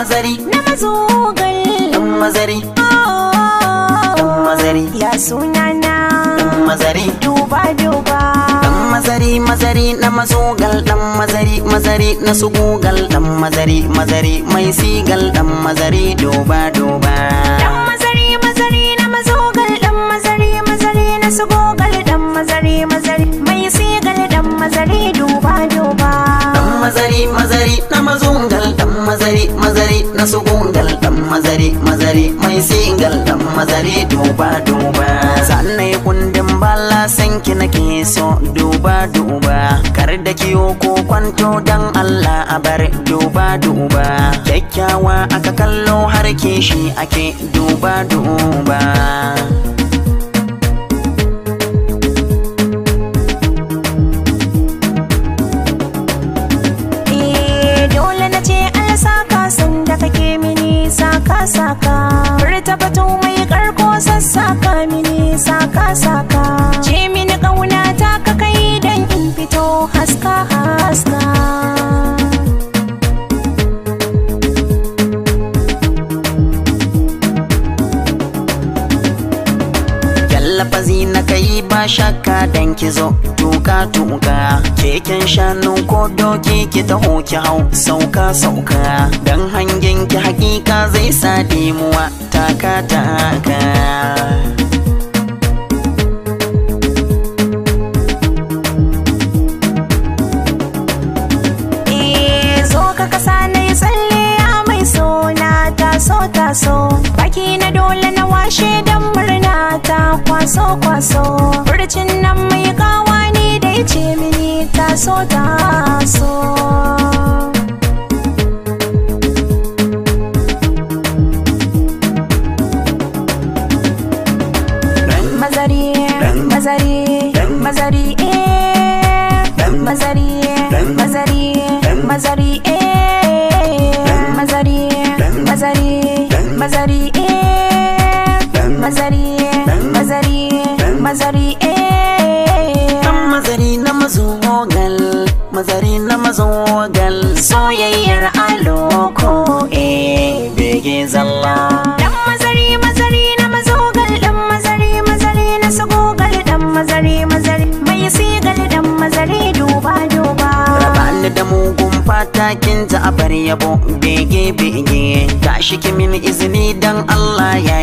mazari na mazugal dan mazari oh. dan mazari ya sunana Ɗan mazari duba duba dan mazari mazari na mazugal dan mazari mazari na sugugal dan mazari mazari mai sigal dan mazari duba duba dan mazari mazari na mazugal dan mazari mazari na sugugal dan mazari mazari mai sigal dan mazari duba duba dan mazari mazari na mazugal mazari mazari na sugungal dan mazari mazari mai singal dan mazari duba duba sannan kundin bala sanki nake so duba duba kar da kiyo ko kwanto dan Allah a bar duba duba kyakkyawa aka kallo har kishi ake duba duba lafazi na kai ba shakka dan ki zo tuka tuka keken shanu ko doki ki taho ki hau sauka sauka dan hangen ki hakika zai sa dimuwa taka taka kwaso-kwaso furcin nan mai kawa ne da ya ce mini taso-taso mazari mazari mazari eh. mazari mazari mazari eh. mazari eh dan mazari na gal. mazari na gal. soyayyar aloko eh bege zalla dan mazari mazari na mazogal dan mazari mazari na gal dan mazari mazari mai sigal dan mazari duba duba rabani da mugun fatakin ta a bar yabo bege bege tashi kimin izini dan Allah ya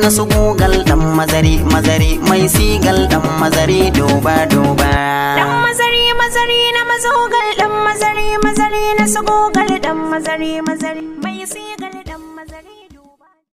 na su gugal dan mazari mazari mai sigal dan mazari doba doba dan mazari mazari na mazogal dan mazari mazari na su gugal dan mazari mazari mai sigal